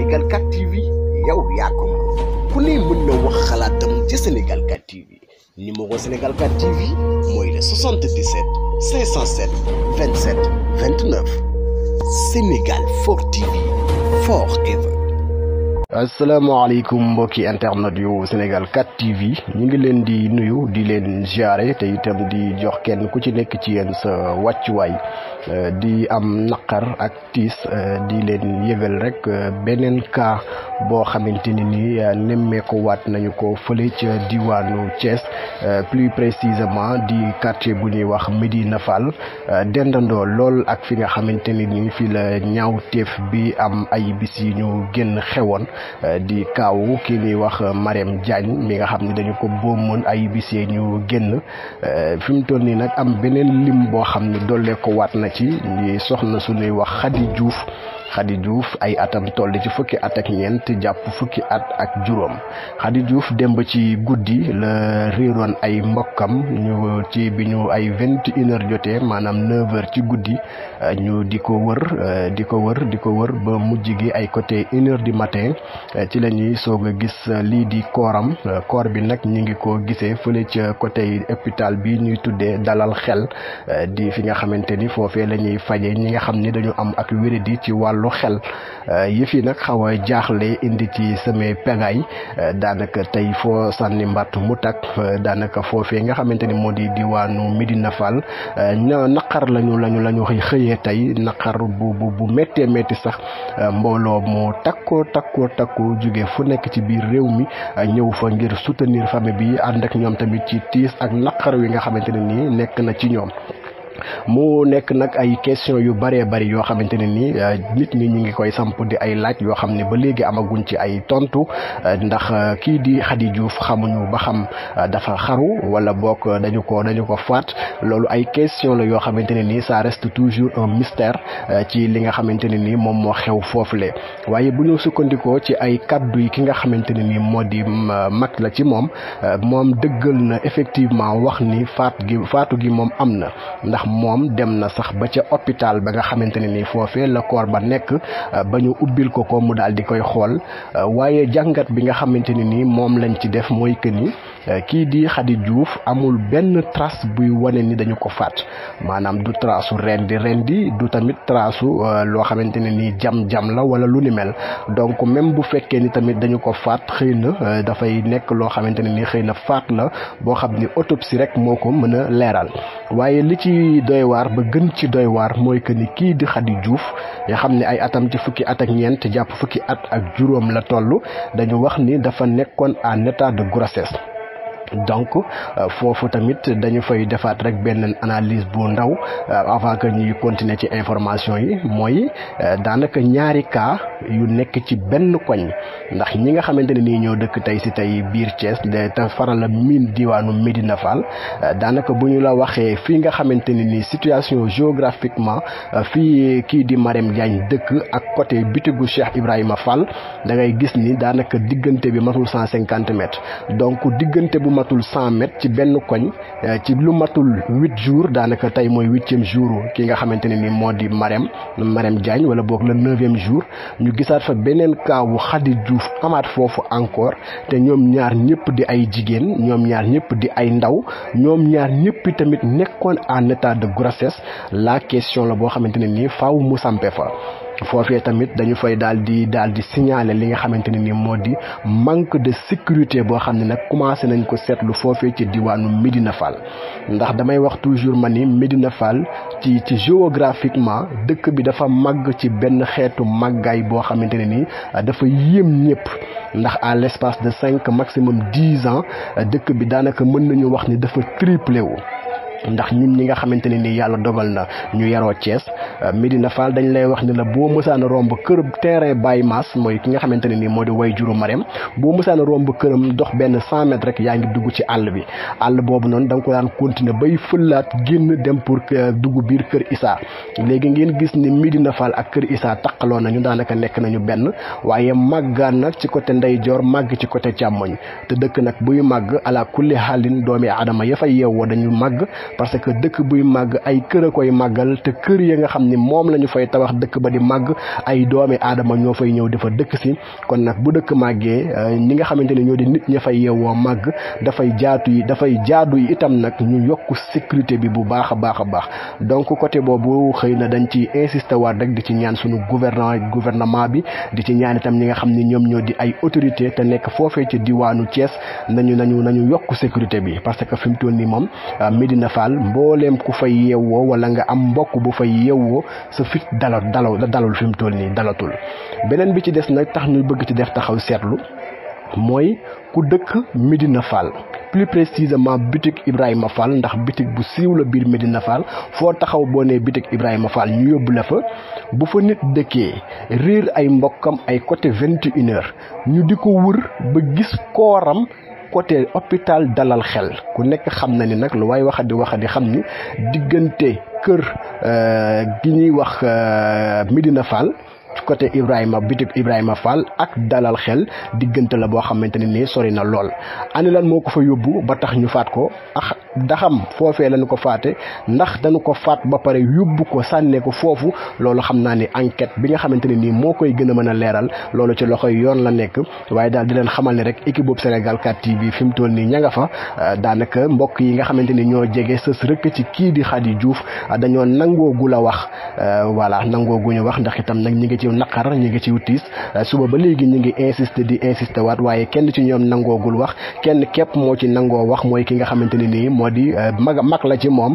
Sénégal 4 TV yow yaa ko ku ne mën na wax xalaatam ci Sénégal 4 TV numéro Sénégal 4 TV mooy le Sénégal 4 TV asalaamaaleykum mbokki internet yu Sénégal 4 TV ñu ngi leen di nuyu di leen jaare te itam di jox kenn ku ci nekk ci yenn sa wàccuwaay euh, di am naqar ak tiis euh, di leen yëgal rek euh, beneen cas boo xamante ni ni nemmeeku waat nañu ko fële ca diwaanu Thiès plus précisément di quartier bu ñuy wax Médina Fall dendandoo lool ak fi nga xamante ni ni fi la ñaaw teef bi am ay bis yi ñu génn xewoon Eh, di kaawu kii ñuy wax Marème Diagne mi nga xam ne dañu ko boomoon ay bisee ñu génn eh, fi mu toll nii nag am beneen lim boo xam ne dollee ko waat na ci ñuy soxna suñuy wax Khady Diouf xadi Diouf ay atam toll ci fukki at ak ñent japp fukki at ak juroom xadi Diouf demb ci guddi le réeroon ay mbokam ñu ci biñu ay 21 h jotee manam 9 h ci guddi ñu diko wër diko wër diko wër ba mujj gi ay côté 1 h du matin ci lañuy soga gis li di koram kor bi nak ñi ngi ko gisé fele ci côté hôpital bi ñuy tuddé dalal xel di fi nga xamanteni fofé lañuy fajé ñi nga xamni dañu am ak wéredi ci wàllu wàllu xel euh, yëf yi nag xaw jaaxle indi ci semé pagaay euh, daanaka tey foo sànni mbàtt mu takk euh, daanaka foofee nga xamante ni moo di diwaanu Medina Fall naqar lañu lañu lañu xëyee tey naqar bu bu bu méttee métti sax mbooloo mu takkoo takkoo takkoo jóge fu nekk ci biir réew mi ñëw fa ngir soutenir famille bi ànd ak ñoom tamit ci tiis ak naqar wi nga xamante ne nii nekk na ci ñoom mu nekk nag ay question yu bëree bëri yoo xamante ne nii euh, nit ñi ñu ngi koy samp di ay laaj yoo xam ne ba léegi amaguñ ci ay tontu euh, ndax euh, kii di Khady Diouf xamuñu ba xam dafa xaru wala boog dañu ko dañu ko faat loolu ay question la yoo xamante ne nii ça toujours un mystère ci li nga xamante ne nii moom moo xew foofule waaye bu ñu sukkandikoo ci ay kàddu yi ki nga xamante ne nii moo di mag la ci moom moom dëggal na effectivement wax ni faat faatu gi moom am na ndax moom dem na sax ba ca hôpital ba nga xamante ne ni foofee la koor ba nekk euh, ba ñu ubbil ko ko mu daal di koy xool euh, waaye jàngat bi nga xamante ne nii moom lañ ci def mooy que ni Eh, kii di Khady juuf amul benn tras buy wane ni dañu ko faat maanaam du trasu rendi rendi du tamit trasu euh, loo xamante ne nii jam-jam la wala lu ni mel donc même bu fekkee ni tamit dañu ko faat xëy na euh, dafay nekk loo xamante ne nii xëy na faat la boo xam ni autopsie rek moo ko mën a leeral waaye li ci doywaar ba gën ci doywaar mooy que ni kii di Khady juuf nga xam ne ay atam ci fukki at ak ñeent jàpp fukki at ak juróom la toll dañu wax ni dafa nekkoon en état de grossesse donc euh, foofu tamit dañu fay defaat rek benn analyse bu ndaw euh, avant que ñuy continuer ci information yi mooy euh, daanaka ñaari cas yu nekk ci benn koñ ndax ñi nga xamante ne nii ñoo dëkk tey ci tey biir Thiès te faral a miin diwaanu Médina Fall daanaka bu ñu la waxee fii nga xamante ne nii situation géographiquement fii kii di Marème Diagne dëkk ak côté bitigu Cheikh Ibrahima Fall da ngay gis ni daanaka diggante bi matul cent cinquante donc diggante bu matul cent mètres ci benn koñ eh, ci lu matul huit jours daanaka tey mooy huitième jour ki nga xamante ne ni moo di Marème Marème jaañ wala boog le neuvième jour ñu gisaat fa beneen kaawu wu juuf Diouf amaat foofu encore te ñoom ñaar ñëpp di ay jigéen ñoom ñaar ñëpp di ay ndaw ñoom ñaar ñëpp tamit nekkoon en état de grossesse la question la boo xamante ne nii faaw mu sampe fa foofee tamit dañu fay daal di daal di signaler li nga xamante ne ni moo di manque de sécurité boo xam ne nag commencé nañ ko seetlu foofee ci diwaanu Médina Fall ndax damay wax toujours ma ni Médina Fall ci ci géographiquement dëkk bi dafa màgg ci benn xeetu màggaay boo xamante ne nii dafa yéem ñëpp ndax à l' espace de cinq maximum dix ans dëkk bi daanaka mën nañu wax ni dafa triplé wu. ndax ñun ñi nga xamante ne nii yàlla dogal na ñu cees Thiès euh, Medina Fall dañu lay wax ni la boo mësaan a romb kër terrain Baye Mass mooy ki nga xamante ne nii moo di way juru Marème boo mësaan a romb këram dox benn 100 rek yaa ngi dugg ci àll bi àll boobu noonu da nga ko daan continuer bay fëllaat génn dem pour euh, dugg biir kër Issa léegi ngeen gis ni Medina Fall ak kër Issa taqaloo ñu daanaka nekk nañu benn waaye màggaan nag ci côté ndeyjoor màgg ci côté càmmoñ te dëkk nag buy màgg ala kulli xaalin aadama ya fay yeewoo dañu màgg parce que dëkk buy màgg ay kër a koy màggal te kër ya nga xam ni moom la ñu fay tabax dëkk ba di màgg ay doomi aadama ñoo fay ñëw dafa dëkk si kon nag bu dëkk màggee euh, ñi nga xamante ni ñoo di nit ña fay yeewoo màgg dafay jaatu yi dafay jaatu yi itam nag ñu yokk sécurité bi bu baax a baax a baax donc côté boobu xëy na dañ ci insister waat rek di ci ñaan suñu gouvernement gouvernement bi di ci ñaan itam ñi nga xam ni ñoom ñoo di ay autorité te nekk foofee ci diwaanu Thiès nañu nañu nañu yokk sécurité bi parce que fi mu toll nii moom euh, Medina Fall mbooleem ku fay yeewoo wala nga am mbokk bu fay yeewoo sa fit dala dalaw dalul fi mu toll nii dalatul beneen bi ci des nag tax ñu bëgg ci def taxaw seetlu mooy ku dëkk Medina Fall plus précisément bitik Ibrahima Fall ndax bitik bu siiw la biir Medina Fall foo taxaw boo nee bitik Ibrahima Fall ñu yóbbu la fa bu fa nit dëkkee réer ay mbokkam ay côté vingt et ñu di ko wër ba gis kooram côté hôpital dalal xel ku nekk xam na ni nag lu waay waxadi waxadi xam ni diggante kër euh, gi ñuy wax euh, Medina Fall. côté Ibrahima bitik Ibrahima Fall ak dalal xel diggante la boo xamante ne nii sori na lool ani moo ko fa yóbbu ba tax ñu faat ko ah daxam foofee lañu ko faate ndax dañu ko faat ba pare yóbbu ko sànnee ko foofu loolu xam naa ni enquête bi nga xamante ne nii moo koy gën a mën a leeral loolu ci loxoy yoon la nekk waaye daal di leen xamal ne rek équipe boobu Sénégal 4 TV fi mu toll nii ña nga fa euh, daanaka mbokk yi nga xamante ni ñoo jege sës rëkk ci kii di Khady juuf euh, dañoo nangoogu la wax euh, voilà nangooguñu wax ndax itam nag ñi ngi ci naqar ñi ngi ci tiis suba ba léegi ñi ngi insister di insister waat waaye kenn ci ñoom nangoogul wax kenn képp moo ci nangoo wax mooy ki nga xamante ne modi di eh, mag mom la ci mom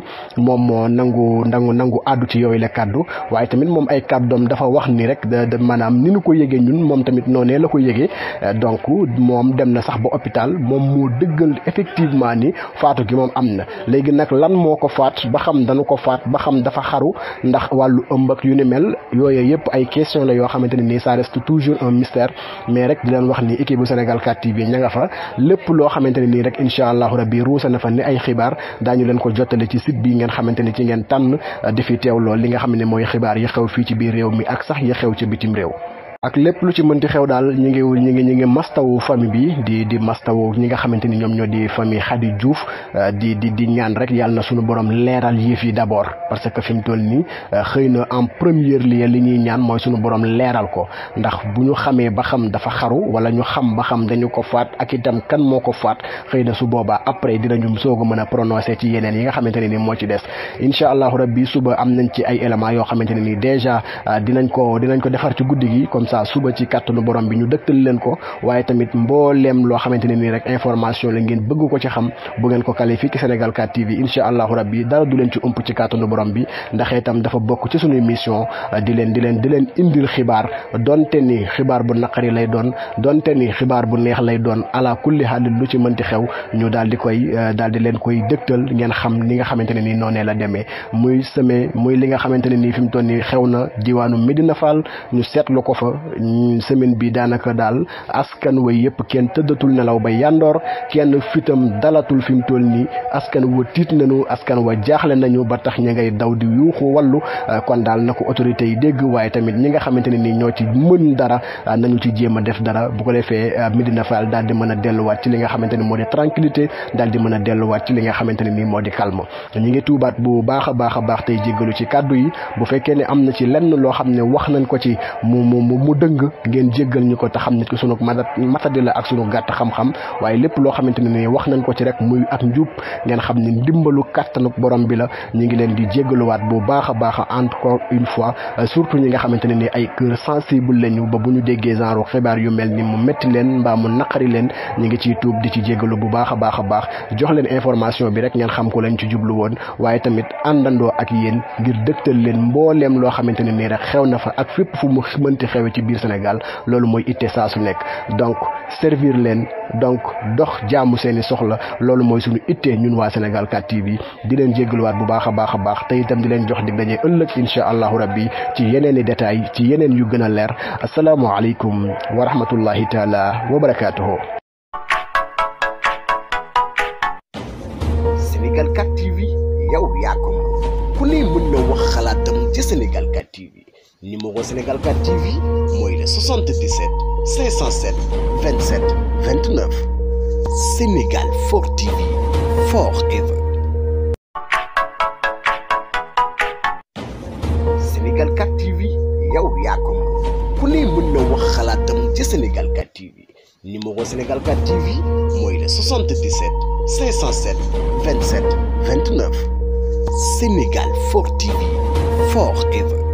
mom mo nangu nangu nangu addu ci yoy le kaddu waye tamit mom ay kaddom dafa wax ni rek de manam ni nu ko yegge ñun mom tamit noné la ko yegge eh, donc mom dem na sax ba hôpital mom mo deugal effectivement ni faatu gi mom amna nak lan moko faat ba xam dañu ko faat ba xam dafa xaru ndax walu ëmb ak yu ni mel yooyu yépp ay question la yo xamanteni ni ça reste toujours un mystère mais rek di leen wax ni équipe Sénégal 4 TV fa lepp lo xamanteni ni rek inshallah rabbi fa ni ay xibaar daañu leen ko jottale ci site bi ngeen xamante ni ci ngeen tànn di fi teew lool li nga xam ne mooy xibaar yi xew fii ci biir réew mi ak sax ya xew ci bitim réew ak lepp lu ci mënti xew dal ñi ngi ñi ngi ñi ngi mastawu fami bi di di mastawu ñi nga xamanteni ñom ñoo di fami hadi Diouf euh, di di di ñaan rek yalla suñu borom leeral yëf yi d' abord parce que fim tol ni euh, xeyna en première lien li ñuy ñaan moy suñu borom leeral ko ndax buñu xamé ba xam dafa xaru wala ñu xam ba xam dañu ko faat ak itam kan moko faat xeyna su boba après dinañu ci yenen yi nga xamanteni ni mo ci des inshallah Allah rabbi suba am nañ ci ay élément yo xamanteni ni déjà euh, dinañ ko dinañ ko defar ci guddigi comme ça suba ci kàttanu borom bi ñu dëgtal leen ko waaye tamit mbooleem loo xamante ne nii rek information la ngeen bëgg ko ci xam bu ngeen ko kale fii ci TV incha allahu rabbi dara du leen ci ëmp ci kàttanu borom bi ndax itam dafa bokk ci suñuy mission di leen di leen di leen indil xibaar donte ni xibaar bu naqari lay doon bu neex lay doon ala kulli lu ci mënti xew ñu daal di koy euh, daal di leen koy dëgtal ngeen xam li nga xamante ne noonee la demee muy semé muy li nga xamante ne nii fi mu toll nii xew na diwaanu Medina Fall ñu seetlu ko fa semaine bi daanaka daal askan wa yëpp kenn tëddatul nelaw ba yandoor kenn fitam dalatul fi mu toll nii askan wa tiit nañu askan wa jaaxle nañu ba tax ñu ngay daw di yuuxu wàllu kon daal na ko autorités yi dégg waaye tamit ñi nga xamante ne nii ñoo ci mën dara nañu ci jéem a def dara bu ko defee Médina Fall daal di mën a delluwaat ci li nga xamante ne moo di tranquillité daal di mën a delluwaat ci li nga xamante ne nii moo di calme ñi ngi tuubaat bu baax a baax a baax tey jéggalu ci kàddu yi bu fekkee ne am na ci lenn loo xam ne wax nañ ko ci mu dëng ngeen jéggal ñu ko te xam ne ki sunu matadi la ak sunu gàtt xam-xam waaye lépp loo xamante ne ni wax nañ ko ci rek muy ak njub ngeen bi la ñu ngi leen di jéggaluwaat bu a baax encore une fois ñi nga xamante ne ni ay cœur sensible lañu ba bu ñu déggee genre xibaar yu mel ni mu métti leen mbaa mu naqari leen ñi ngi ciy tuub di ci jéggalu bu baax a baax a baax jox leen information bi rek ngeen xam ko lañ ci jublu woon waaye tamit àndandoo ak yéen ngir dëgtal leen mbooleem loo xamante ne nii rek xew na fa ak fépp ci biir Sénégal loolu mooy itte saa su nekk donc servir leen donc dox jaamu seeni soxla loolu mooy suñu ittee ñun waa Sénégal 4 TV di leen jéggaluwaat bu baax a baax a baax te itam di leen jox dig dañuy ëllëg incha allahu rabbi ci yeneen i détails ci yeneen yu gën a leer asalaamualeykum wa rahmatullahi taala wa barakaatuhu. TV numéro Sénégal 4 TV 77 507 27 29 Sénégal 4 TV forever. Sénégal 4 TV yow yaa ko ku ne mën Sénégal 4 TV numéro Sénégal 4 TV 77 507 27 29 Sénégal 4 TV forever.